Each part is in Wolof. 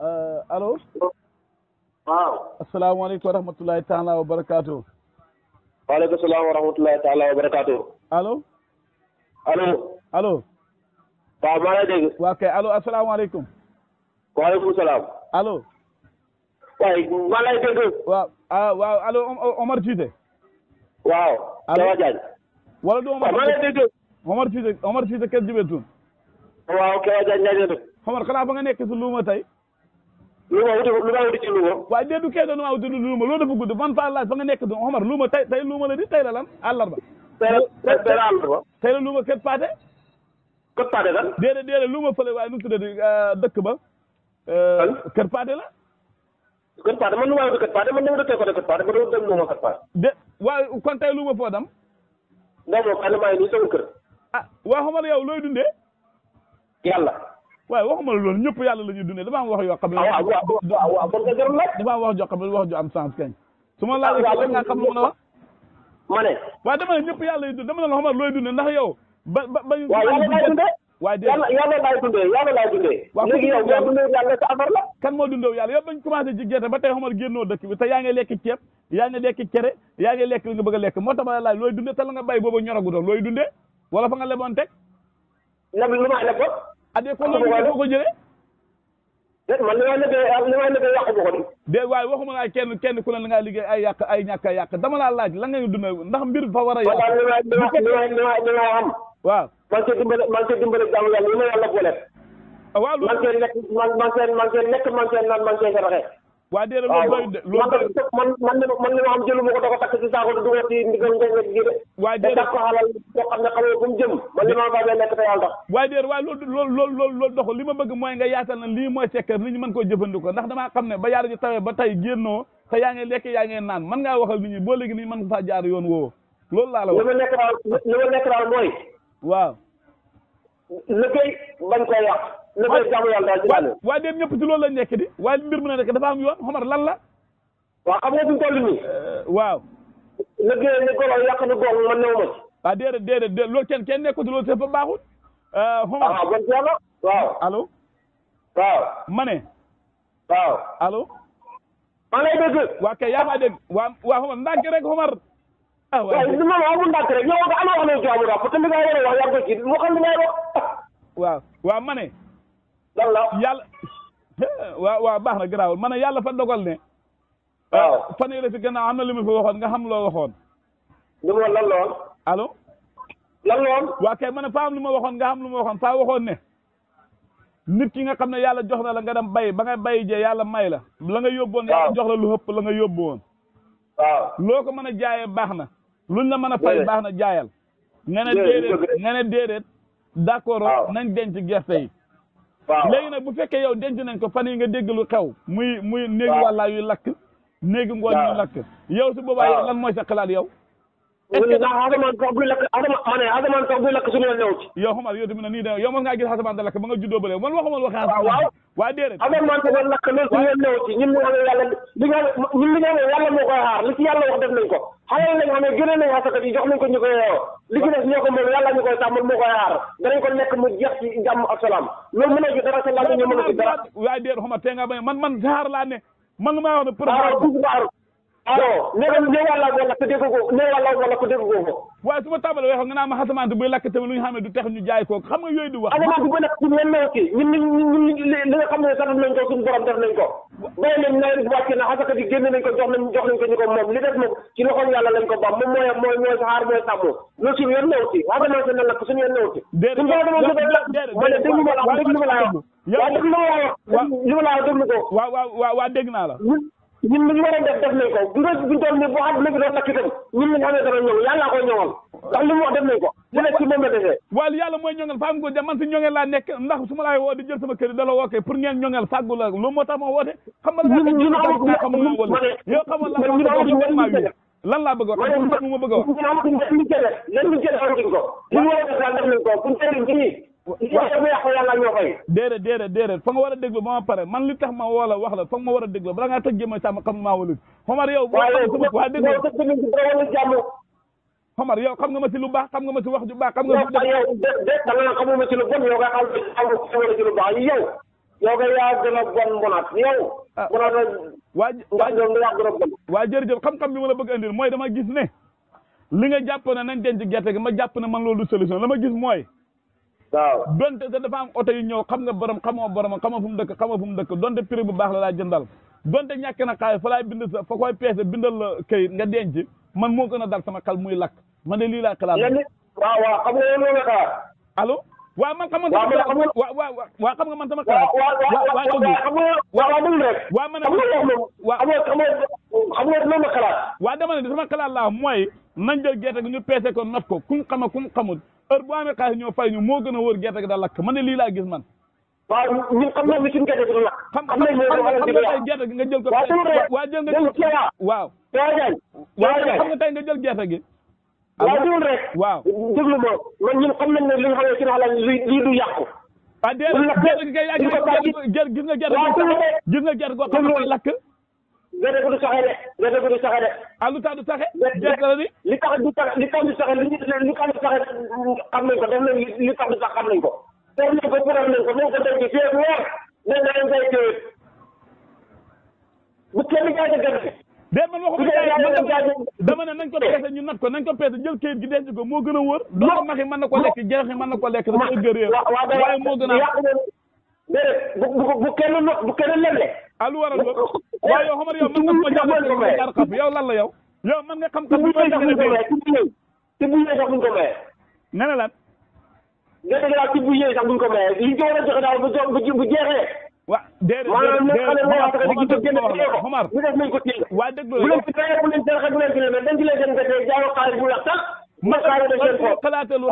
Uh, allo. waaw. asalaamaaleykum wa rahmatulahi taala wa barakaatu. waaleykum salaam wa rahmatulahi taala wa barakaatu. allo. allo. allo. waaw maa ngi lay dégg. waa kay allo asalaamaaleykum. waaleykum salaam. allo. waay maa lay dégg. waaw ah waaw allo Omar Cissé. waaw. allo Jawa Diagne. wala du Omar Cissé waaw maa lay dégg. Omar Cissé Omar Cissé kenn jubee tuun. waaw Jawa Diagne ñaareel. Omar xanaa ba nga nekk si luuma tey. lu ma wuti lu ma wuti ci luuma waaye dée du kee doon maa wuti luuma loolu dafa gudd man la di tey la lan àllarba tey la tey la la luuma kët paate kët paate lan déedéet déedéet waaye nu tuddee euh, dëkk ba euh, kët paate la kët man lu ma wuti kët paate man dama dëkkee man dama dem luuma waaye kon tey luuma foo dam dam moom xanaa maa ngi nii sama ah, yow looy dundee waaye waxuma la loolu ñëpp yàlla la ñuy dundee dafa am wax yoo xam ah, a wax. Ah, ma ne. waaye ñëpp yàlla lay dama ne la xamal looy dundee ba ba ba waaw yàlla laay dundee. waaye déedéet yàlla laay dundee yàlla laay dundee. waaw léegi yow yaa dundee yàlla sa affaire la. kan moo dundee yàlla yow bañ commencé ci gerte ba tey xamal génnoo dëkk bi te yaa ngi lekk ceeb a la laaj looy dundee te la nga bay booba ñoragu doon looy wala fa leboon teg. adee ah, kon loolu nga ko jëlee man li may liggéey ah, li may liggéey de waaye waxuma laa kenn kenn ku ne la ngaa liggéey ay yàq ay ñàkk a dama laa laaj la ngay dundee ndax mbir fa war a yàq am waaw man cee dimbale man cee dimbale jàmm yàlla li ma yàlla boole ah, waaw man cee lekk man man man cee lekk man cee naan man cee saraxe waa déedéet loolu doyul de loolu doyul man man man li ma xam jëlu ma ko da ko takk ci saako di dugal ci ndigal ngeen ji de. waaye déedéet li ma waaye loolu loolu loolu doxul li ma bëgg mooy nga yaatal na lii mooy cekkër nit ñi mën koo jëfandikoo ndax damaa xam ne ba yàlla ji tawee ba tey génnoo te yaa ngi lekk yaa ngi naan mën ngaa waxal nit ñi boo léegi nit ñi mën ko faa jaar yoon woo loolu laa la wax. li ma nekk daal mooy. waaw la koy bañ koy yàq. la koy jaamu yàlla daal ci daal waaye dem ñëpp ci loolu lañ nekk di waaye mbir mu ne rek dafa am yoon xomar lan la. waaw xam nga fi mu toll nii. Euh, waaw. liggéey ni golo yàq ni golo man néew ma ci. ah déedéet déedéet déedéet loolu kenn kenn nekkul loolu dafa baaxul. xomar euh, ah bon yàlla. waaw allo. waaw ma ne. waaw allo. maa ngi lay dégg. waa kay yaa ma dégg waa waa xomar ndànk rek xomar. ah waaw li ma la na wax ne jaamu a wax yaa ko ci la yàlla. waaw waaw baax na garaawul ma ne yàlla fa dogal ne. waaw eh, fan yii am na li ma fa waxoon nga xam loo waxoon. li mu wax ma ne fa am ma waxoon nga xam lu ma waxoon fa waxoon ne. nit ki nga xam ne yàlla jox na la nga dem bay ba nga bay jee yàlla may la. la nga yóbboon yàlla jox la lu ëpp la nga yóbboon. waaw loo ko mën a jaayee baax na. luñ la mën a fay baax na jaayal nga ne déedéet nga ne déedéet d'accord nañ denc gerte yi léegi nag bu fekkee yow denc nañ ko fan yi nga dégg lu xew muy muy néegi wàllaa yuy lakk néegi ngoon yuy lakk yow su boobaa yow lan mooy sa xalaat yow ndax asamaan sax buy lakk asamaan ma ne asamaan sax buy lakk na nii de yow mos ngaa gis asamaan ñu ko xalal lañ xamee gën ko ñu koy yeewoo li ci des ñoo ko moom yàlla ñu ko lekk mu jeex ci jàmm ak salaam loolu mën a ci dara sa laaj ñu mën a ci dara waaye déedéet xama tee nga ba man man xaar laa ne man lu may wax ne alors ah. léegi ne wàlla wala ko dégg ko ne wàlla wala ko dégg ko waaye su ma tàmbalee waxoon nga naan ma xasamante buy lakk tamit lu ñu xam ne du tax ñu jaay kooku xam nga yooyu di wax xasamante buy lakk ci ñun ñoo ci ñun ñun li nga xam ne sanam nañ ko suñu borom def nañ ko bay nañ nawet bi wàcc na xasaka bi génn nañ ko jox nañ jox nañ ko ñu ko moom li def moom ci loxoom yàlla lañ ko bam moom mooy mooy mooy saxaar mooy sàmm loolu suñu yoon ñëw ci xasamante na lakk suñu yoon ñëw ci suñu xasamante na lakk ma ne déglu ma la déglu ma la wax waa déglu ma la wax déglu ko waaw waaw waaw dégg naa la ñun li mu bu nekk ci la mooy ñoŋal faamu ko man si ñoŋal laa nekk ndax su ma laay woo di jël dala woo kay ngeen ñoŋal fàggu la loolu moo tax ma woote la ñun amatuñ benn maa a a wax ñun amatuñ a def daal def waaye bu yàqu yàlla ñoo koy déedéet déedéet war a déglu ba ma pare man li tax ma woo la wax la fa nga ma war a déglu bala ngaa tëj jëma sàmm xam maa walut Omar yow boo waa déglu jàmm Omar xam nga ma si lu baax xam nga ma si wax ju baax xam nga yow da nga xamuma si lu bon yow nga xam si lu baax yow yow gën a bon mbonaat yow mbonaat waa waa yaa gën a waa jërëjëf xam-xam bi ma la bëgg andil mooy dama gis ne li nga jàpp na nañ denc gerte gi ma jàpp na man loolu du solution la ma gis mooy waaw donte que dafa am oto yu ñëw xam nga borom xamoo borom xamoo fu mu dëkk xamoo fu mu dëkk donte prix bu baax la laa jëndal donte ñàkk na xaalis fa laay bind sa fa koy peese bindal la këyit nga denc man moo gën a dal sama xel muy lakk man de lii laa xalaat. waaw man xam nga sama waaw waaw xam nga man sama xalaat. waaw waaw waaw xam nga. man xam nga loolu. waaw xam nga xam nga loolu la xalaat. sama xalaat laa mooy. nañ jël gerte gi ñu peese ko nat ko kum xama kum xamul heure bu amee xaalis ñoo fay ñu moo gën a wóor gerte gi daal lakk man ne lii laa gis man waaw ñun xam nañ li suñu gerte gi du lakk xam xam nga tey gerte gi nga jël ko waa jël nga waaw waaw xam nga tey nga jël gerte gi waaw déglu rek waaw déglu ma man ñun xam nañ ne li nga xam ne suñu xalaat lii du yàqu ah déedéet gerte gi kay gis nga gerte gis nga gerte goo xam ne lakk gerte ah, lu tax du saxe. gerte la ni li tax du saxe li tax du saxe li li tax du saxe xam nañ ko def nañ li tax nañ ko. def nañ ko puudar nañ ko nañ ko denc fii ak weer nañ de man ma ko dama ne nañ ko peese ñu nat ko nañ ko peese jël kayit gi denc ko moo gën a wóor. doon maxi mën na ko lekk jeexi mën na ko lekk dafa ëgg réew. waaye moo gën a. déedéet bu bu bu kenn not bu kenn leble. Ah, loolu. Eh, waaw yow xamar yow lan la yow yow mën nga xam xam bu tax buñ ko maye te bu yee ne lan nga ne laa ci bu yee sax buñ ko maye liñ ko war a joxe daal bu bu bu jeexee waa déedéet xamar ñu def waa dëgg la bu leen la tax ma da seen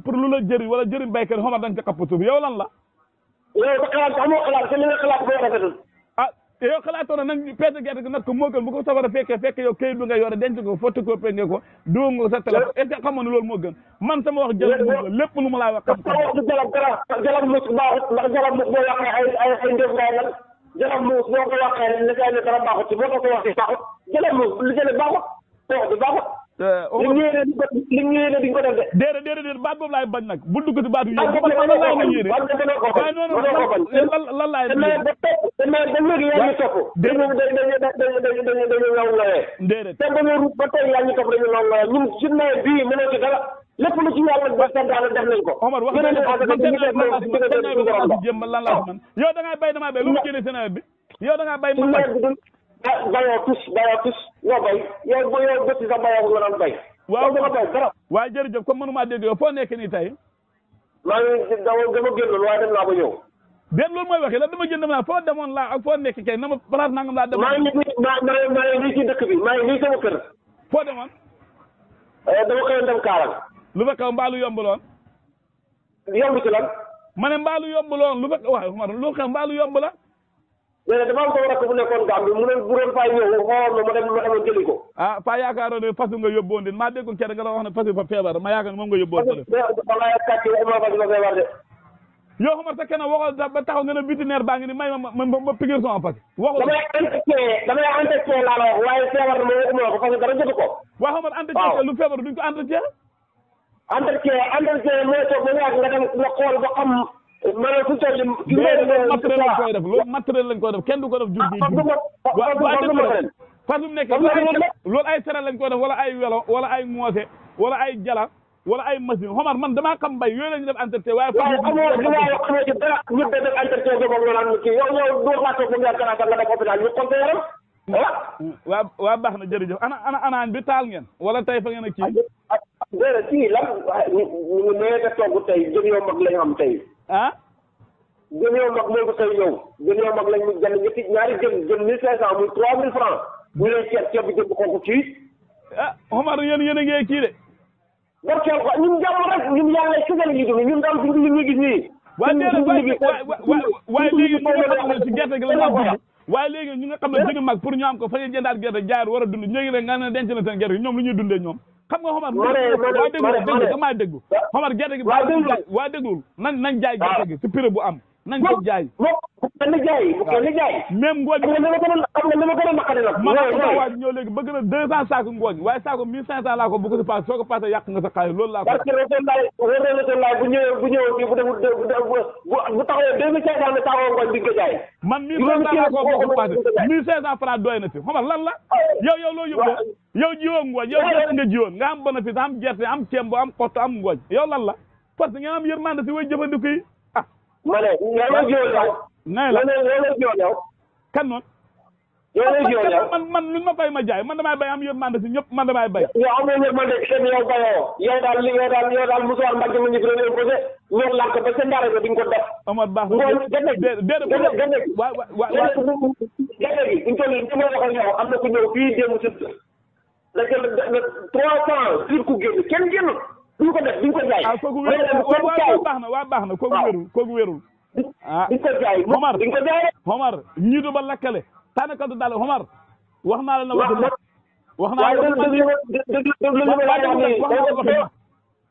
ko la jëriñ lan la yow sa xalaat xamoo xalaat te yow xalaatoona nag peese gerte gi nag ko moo gën bu ko safara fekkee fekk yow kayit bi nga yore denc ko photocopie nga ko dugal nga ko sa téléphone est-ce que xamoon ne loolu moo gën man sama wax jalab mu lépp lu ma laa wax xam jalab jalab mus baaxut ndax jalab mus boo yàqee ay ay ay ndef ngay nag jalab mus boo ko yàqee ne nekay ne dara baaxut ci boo ko ko waxee baaxut jalab mus li jële baaxut wax bi baaxut Eh, yo da nga bay dama bay lu mu jëlee ci bi yo da nga bay mu bay bayoo tus bayoo tous loo bay yow boo yow gëstu sax bayoo nga doon bay. waaw dama bay dara. waaye jërëjëf comme mënuma dégg yow foo nekk nii tey. maa ngi dama dama génnoon waaye dem naa ba ñëw. déet loolu mooy waxee la dama jënd naa foo demoon laa ak foo nekk kay na ma place nangam laa demoon. maa ngi maa maa ngi ci dëkk bi maa ngi nii sama kër. foo demoon. Eh, dama xëyoon dem Kaarang. lu fa kaw mbaalu yombuloon. yomb ci lan. ma ne mbaalu yombuloon lu fa waaw mbaalu yomb la. nee na dafa am sama rakk bu nekkoon Gambie mu ne bu doon dem ma demoon ko ah faa yaakaaroon ne fasu nga yóbboon maa déggoon kere nga la wax ne fasu fa feebar ma yaakaar ne moom nga yóbboon tele wallaahi kàcce waxuma fasu ba taxaw nga ne vétérinaire baa ngi ni may ma ma piqûre son fas waxoo damay entretien damay entretien laa la wax waaye feebar ma waxuma ko parce que ko waaw xamar entretien lu feebar duñ ko entretien entretien entretien mooy toog ba yàgg nga dem nga xool ba ma ne tout loolu matériel lañ koy def kenn du ko def jur gi. parce que mu nekk loolu ay sera lañ koy def wala ay welo wala ay ngoose wala ay jala wala ay machine xomar man damaa xam mbay yooyu la def entretien waaye. waaye amoo dinaa yoo xam ne ci dara ñëpp dañu def entretien boobu nga naan waa baax na jërëjëf ana ana anaañ bi taal ngeen wala tey fa ngeen a kii. déedéet fii lan ñu ñu may nga togg tey jëm am tey ah gën yow mag moo ko xëy ñëw gën yow ñaari jën jën mille cinq cent muy trois mille francs ñu lay ceeb ceeb bi jën bu xonk Omar yéen yéen a ngi kii de barkeel ko ñun jàmm la ñu mag pour ñu ko fa ñuy gerte jaar war a dund ñu ngi ne nga ne denc gerte gi ñoom ñuy dundee ñoom xam nga Omar. waa déglu déglu damaa déglu. Omar gerte gi. waa déglu nañ nañ jaay gerte gi ci prix bu am. nañ ko jaay. kenn jaay kenn jaay. même ngooñ bi ma gën a xam nga a naqari nag. ma waaj ñëw léegi bëgg na deux cent saako ngooñ waaye saako laa ko bu paase soo ko paasee yàq nga sa xaalis loolu laa ko. parce paase mille cinq cent doy na fi xam nga lan la. yow yow loo yóbboo yow ngooñ yow gerte nga jiwoon nga am bénéfice am si way jëfandiku yi ma ne ñoo la jiwoon yow. nee la ñoo la jiwoon yow. kan noonu. ñoo la jiwoon yow man man lu ma bay ma jaay man damay bay am yërmande si ñëpp man damay bay. yow am na yërmande seen yow bayoo yow daal li yow daal yow daal musuwaar Mbacke ma ñu fi doon imposé ñoo lànk ba sa ndaare ba di nga ko def. Omar Ba am na ku ñëw fii démb si la jël trois cent sur duñ ko def duñ ko jaay. ah kooku wérul waaw baax na waaw baax na kooku wérul kooku wérul. ah duñ ko jaay Omar duñ ko jaay. Omar ñiitu ba lakkale tànnakatu daal Omar wax naa la na wax wax naa la wax doo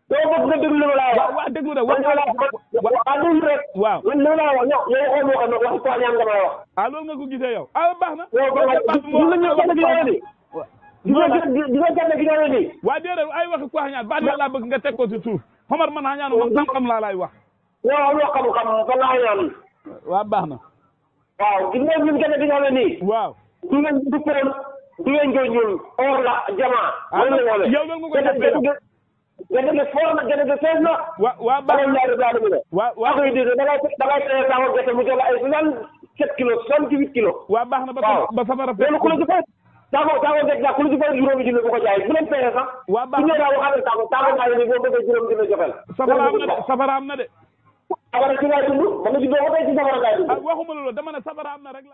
bëgg nga déglu li ma laa wax. waaw déglu rek wax nga laa wax. waaw déglu rek. waaw man li ma laa wax yow yow xamoo ko nag wax ko ñaan nga ma wax. ah loolu nga ko gisee yow. ah baax na. yow baax na ñu la ñu la waa déedéet ay waxi ko xañaan baat laa bëgg nga teg ko ci suuf xomar man xañaanu man xam-xam laa lay wax waaw loo xam-xam man laa xañaanu waaw baax na waaw gis nga ñun kenn di nga xam ne nii waaw du ngeen du koon du ngeen jox ñun or la jamaa yow loolu nga koy def gerte gi foor na gerte gi fees na. wa waa baax na loolu laa doon wa waa koy dégg da ngay da ngay teel a gerte mu jox la ay soixante sept kilos soixante huit kilos. waa baax na ba safara fees loolu ku la ci fees saako saako fekk sax ku lu ci bëri juróomi safara am na de safara am na de. safara ci ngay dund ba nga safara ngay ah, na rek